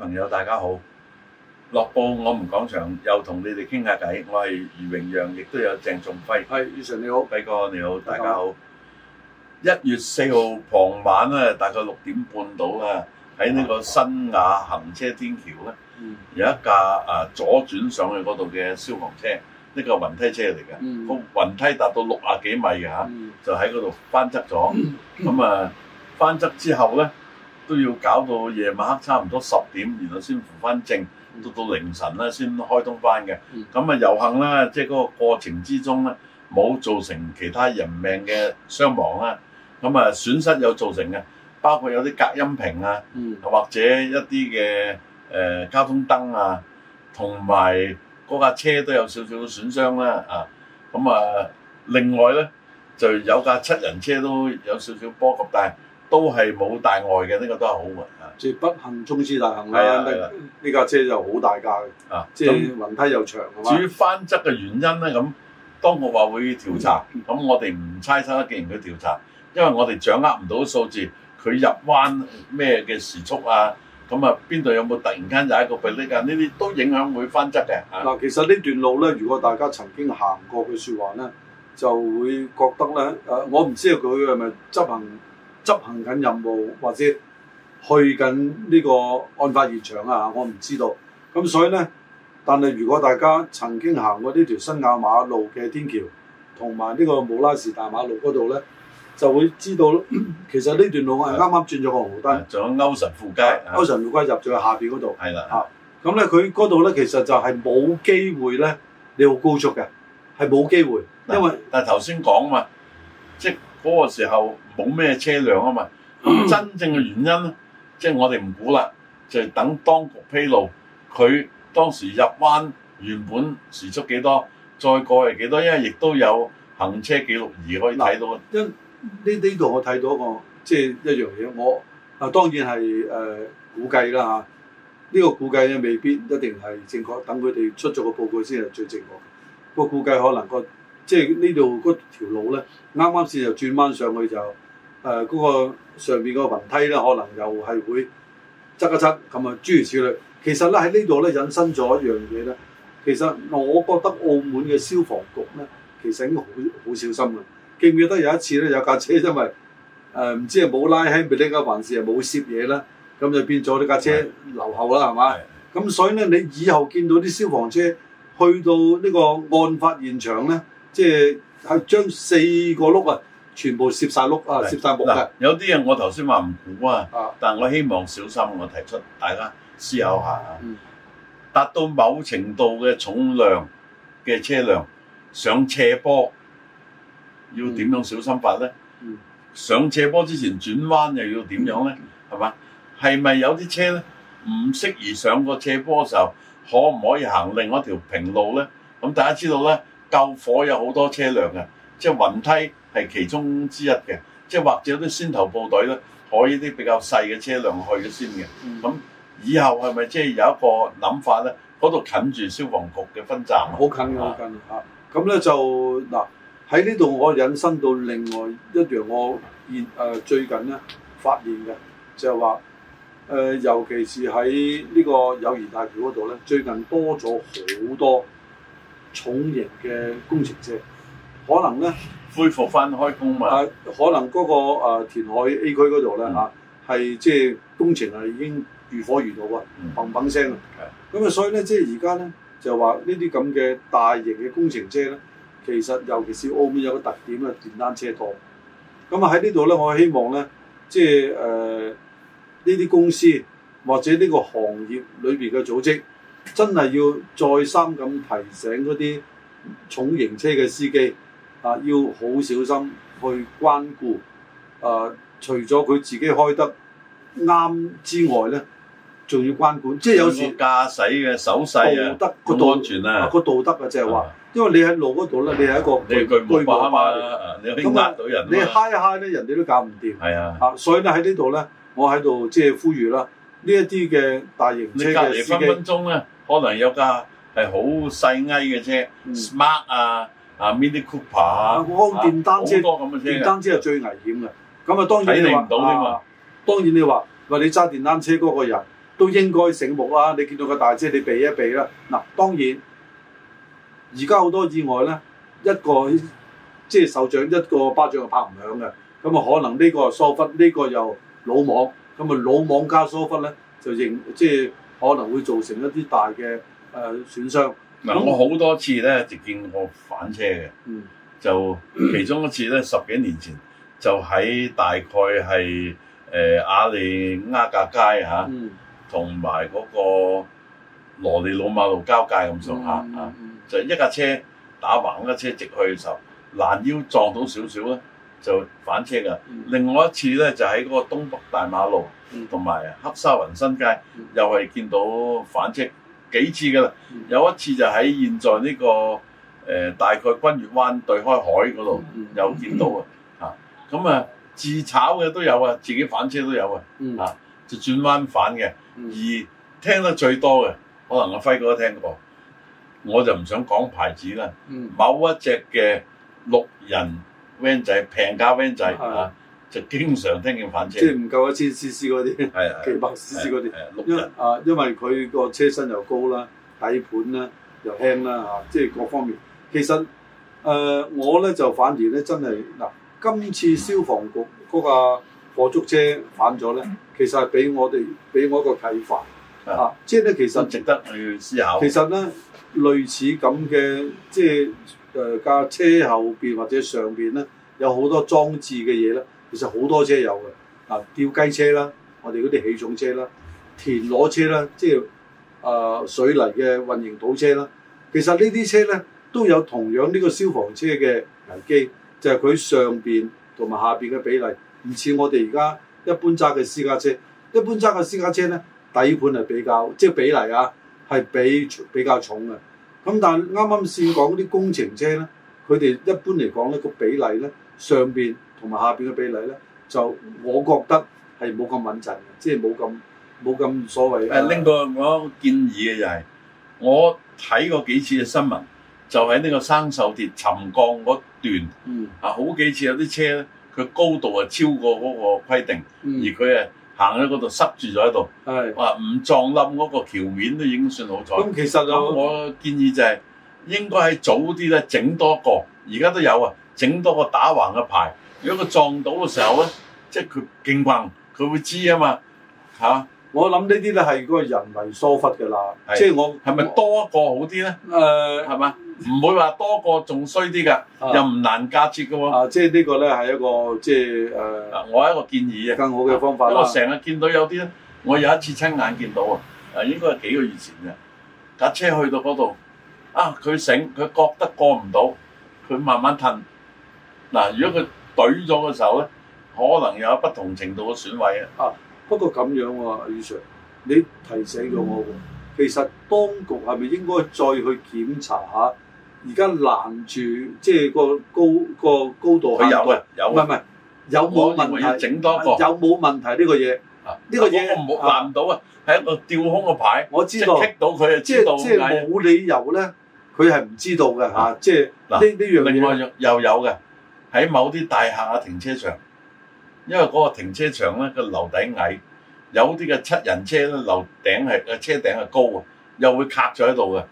朋友大家好，樂報我們講場又同你哋傾下偈，我係余榮陽，亦都有鄭仲輝，係余 Sir 你好，Big 哥你好，大家好。一月四號傍晚咧，大概六點半到啊，喺呢個新雅行車天橋咧，有一架誒左轉上去嗰度嘅消防車，呢個雲梯車嚟嘅，個雲梯達到六啊幾米嘅吓，就喺嗰度翻側咗，咁啊翻側之後咧都要搞到夜晚黑差唔多十。點然後先扶翻正，到到凌晨咧先開通翻嘅。咁啊遊行啦，即係嗰個過程之中咧，冇造成其他人命嘅傷亡啦、啊。咁啊損失有造成嘅，包括有啲隔音屏啊，嗯、或者一啲嘅誒交通燈啊，同埋嗰架車都有少少嘅損傷啦。啊，咁啊另外咧就有架七人車都有少少波及大，但係都係冇大礙嘅，呢、這個都係好嘅啊！即係不幸中之大幸啦，呢架車就好大架嘅啊！即係是雲、嗯、梯又長。至於翻側嘅原因咧，咁當我話會調查，咁、嗯、我哋唔猜測，既然佢調查，因為我哋掌握唔到數字，佢入彎咩嘅時速啊，咁啊邊度有冇突然間有一個避力啊？呢啲都影響會翻側嘅。嗱，其實呢段路咧，如果大家曾經行過嘅説話咧，就會覺得咧，誒、呃，我唔知道佢係咪執行。執行緊任務或者去緊呢個案發現場啊！我唔知道，咁所以咧，但係如果大家曾經行過呢條新亞馬路嘅天橋同埋呢個慕拉士大馬路嗰度咧，就會知道其實呢段路係啱啱轉咗個紅燈，仲有歐神富街，歐神富街入咗去下邊嗰度，係啦嚇。咁咧的，佢嗰度咧其實就係冇機會咧，你好高速嘅，係冇機會，因為但係頭先講啊嘛，即嗰個時候冇咩車輛啊嘛，咁真正嘅原因咧，即係我哋唔估啦，就係、就係、等當局披露佢當時入灣原本時速幾多，再過嚟幾多，因為亦都有行車記錄儀可以睇到啊。呢呢度我睇到一個即係、即係、一樣嘢，我啊當然係誒估計啦嚇，呢、啊呢個估計咧未必一定係正確，等佢哋出咗個報告先係最正確。個估計可能個。即係呢度嗰條路咧，啱啱先就轉彎上去就誒嗰、呃嗰個上邊個雲梯咧，可能又係會側一側咁啊，諸如此類。其實咧喺呢度咧引申咗一樣嘢咧，其實我覺得澳門嘅消防局咧，其實已經好好小心嘅。記唔記得有一次咧，有架車因為誒唔、呃、知係冇拉喺呢咧，還是係冇攝嘢啦，咁就變咗呢架車留後啦，係嘛？咁所以咧，你以後見到啲消防車去到呢個案發現場咧。即係將四個轆啊，全部攝曬轆啊，攝曬木嘅。嗱，有啲人我頭先話唔估啊，但係我希望小心，我提出大家思考下啊。達到某程度嘅重量嘅車輛上斜坡，要點樣小心法咧？上斜坡之前轉彎又要點樣咧？係嘛？係咪有啲車咧唔適宜上個斜坡嘅時候，可唔可以行另外一條平路咧？咁大家知道咧？救火有好多車輛嘅，即係雲梯係其中之一嘅，即係或者啲先頭部隊咧，可以啲比較細嘅車輛去咗先嘅。咁、嗯、以後係咪即係有一個諗法咧？嗰度近住消防局嘅分站好近好近啊！咁咧吧、啊、就嗱喺呢度，我引申到另外一樣我現誒、呃、最近咧發現嘅，就係話誒，尤其是喺呢個友誼大橋嗰度咧，最近多咗好多。重型嘅工程車可能咧恢復翻開工啊！可能嗰個填海 A 區嗰度咧，嚇係即係工程啊，已經如火如荼啊，砰砰聲啊！咁啊，所以咧，即係而家咧就話呢啲咁嘅大型嘅工程車咧，其實尤其是澳門有個特點啊，電單車多。咁啊，喺呢度咧，我希望咧即係誒呢啲公司或者呢個行業裏邊嘅組織。真係要再三咁提醒嗰啲重型車嘅司機啊，要好小心去關顧。誒，除咗佢自己開得啱之外咧，仲要關顧，即係有時駕駛嘅手勢啊，安全啊，個道德啊，就係話，因為你喺路嗰度咧，你係一個你句唔講啊，你牽拉到人，你 high high 咧，人哋都搞唔掂。係啊，啊，所以咧喺呢度咧，我喺度即係呼籲啦，呢一啲嘅大型車嘅司機，分分鐘咧。可能有架係好細矮嘅車、嗯、Smart 啊，啊 Mini Cooper 啊，啊，電單車好多咁嘅車，電單車係最危險嘅。咁啊，當然你唔到嘛。啊、當然你話，話、啊、你揸電單車嗰個人都應該醒目啊。你見到個大車，你避一避啦。嗱、啊，當然而家好多意外咧，一個即係手掌一個巴掌就拍唔響嘅。咁、嗯、啊，可能呢個疏忽，呢個又魯莽。咁、嗯、啊，魯莽加疏忽咧，就認即係。就是可能會造成一啲大嘅誒、呃、損傷。嗱、嗯， 我好多次咧，就見過反車嘅。嗯，就其中一次咧，十幾年前就喺大概係誒亞利鴉架街嚇，同埋嗰個羅利老馬路交界咁上下啊，嗯嗯、就一架車打橫，一架車直去嘅時候，攔腰撞到少少啦。就反車㗎，另外一次咧就喺嗰個東北大馬路同埋黑沙環新街，又係見到反車幾次㗎啦。有一次就喺現在呢個誒大概君悦灣對開海嗰度有見到啊。咁啊自炒嘅都有啊，自己反車都有啊。啊，就轉彎反嘅，而聽得最多嘅，可能阿輝哥都聽過。我就唔想講牌子啦。某一隻嘅六人 van 仔平價 van 仔啊，就經常聽見反車，即係唔夠一千 CC 嗰啲，係啊，幾百 CC 嗰啲，因為啊，因為佢個車身又高啦，底盤啦又輕啦嚇，即係、啊就是、各方面。其實誒、呃，我咧就反而咧真係嗱，今次消防局嗰架火燭車反咗咧，其實係俾我哋俾我一個啟發。啊！即係咧，其實都值得去思考、呃。其實咧，類似咁嘅即係誒架車後邊或者上邊咧，有好多裝置嘅嘢咧。其實好多車有嘅啊，吊雞車啦，我哋嗰啲起重車啦，田攞車啦，即係啊、呃、水泥嘅運營土車啦。其實呢啲車咧都有同樣呢個消防車嘅危機，就係、是、佢上邊同埋下邊嘅比例，唔似我哋而家一般揸嘅私家車。一般揸嘅私家車咧。底盤係比較即係比例啊，係比比較重嘅。咁但係啱啱先講啲工程車咧，佢哋一般嚟講咧，個比例咧上邊同埋下邊嘅比例咧，就我覺得係冇咁穩陣即係冇咁冇咁所謂、啊。誒、啊，拎、那個、我建議嘅就係我睇過幾次嘅新聞，就喺、是、呢個生鏽鐵沉降嗰段，嗯、啊好幾次有啲車咧，佢高度係超過嗰個規定，嗯、而佢啊。行喺嗰度塞住咗喺度，話唔的撞冧嗰個橋面都已經算好彩。咁其實我，我建議就係、係、應該喺早啲咧整多個，而家都有啊，整多個打橫嘅牌。如果佢撞到嘅時候咧，即係佢勁崩，佢會知嘛啊嘛嚇。我諗呢啲咧係個人為疏忽嘅啦，即係我係咪多一個好啲咧？誒我、呃，係嘛？唔會話多過仲衰啲嘅，啊、又唔難駕切嘅喎。即係呢個咧係一個即係誒、呃啊，我一個建議啊，更好嘅方法啦、啊啊。因為成日見到有啲，我有一次親眼見到啊，應該係幾個月前嘅架、啊、車去到嗰度，啊佢醒，佢覺得過唔到，佢慢慢褪。嗱、啊，如果佢懟咗嘅時候咧，可能有不同程度嘅損毀啊。啊，不過咁樣喎、啊，阿宇 Sir，你提醒咗我喎，嗯、其實當局係咪應該再去檢查下？而家攔住即係個高個高度限唔到有啊，唔係唔係有冇問題？有冇問題呢個嘢？呢個嘢我唔攔到啊！係一個吊空嘅牌，我知道。剔到佢啊！即係即係冇理由咧，佢係唔知道嘅嚇。即係嗱，呢呢樣嘢，另外又有嘅喺某啲大廈嘅停車場，因為嗰個停車場咧個樓頂矮，有啲嘅七人車咧樓頂係嘅車頂係高啊，又會卡咗喺度嘅。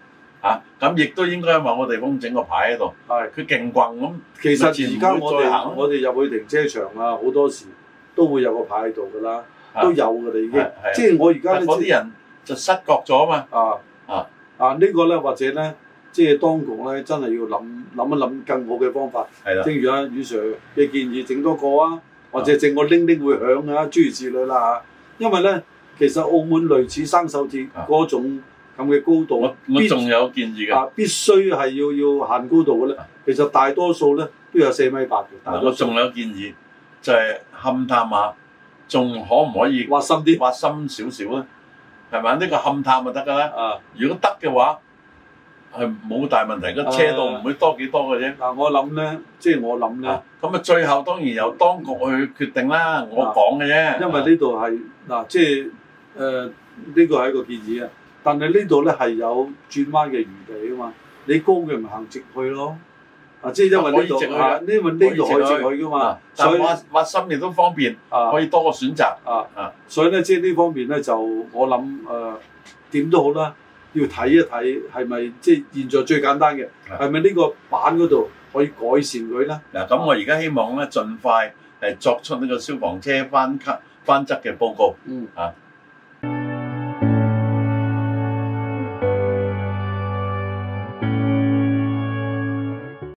嚇，咁亦都應該有某個地方整個牌喺度。係的，佢勁棍。咁、啊。其實而家我哋我哋入去停車場啊，好多時都會有個牌喺度噶啦，都有噶啦已經。即係我而家咧，嗰啲人就失覺咗嘛。啊啊啊！呢個咧，或者咧，即係當局咧，真係要諗諗一諗更好嘅方法。係啦的。正如阿、啊、雨 Sir 嘅建議，整多個啊，或者整的、啊、個鈴鈴會響啊，諸如此類啦嚇。因為咧，其實澳門類似生手節嗰種、啊。啊。咁嘅高度，我仲有建議噶，必須係要要限高度嘅咧。其實大多數咧都有四米八嘅。但係我仲有建議就係勘探下，仲可唔可以挖深啲？挖深少少咧，係咪？呢個勘探咪得噶啦。啊，如果得嘅話，係冇大問題。個車道唔會多幾多嘅啫。嗱、呃，我諗咧，即係我諗咧。咁啊，最後當然由當局去決定啦。我講嘅啫。因為呢度係嗱，即係誒呢個係一個建議啊。但係呢度咧係有轉彎嘅餘地啊嘛，你高嘅唔行直去咯，啊即係因為呢度啊，因為呢度可以直去噶、啊、嘛，所以但挖挖心亦都方便、啊、可以多個選擇啊，啊，所以咧即係呢方面咧就我諗誒點都好啦，要睇一睇係咪即係現在最簡單嘅係咪呢個板嗰度可以改善佢啦。嗱咁、啊、我而家希望咧盡快誒作出呢個消防車翻卡翻側嘅報告，嗯啊。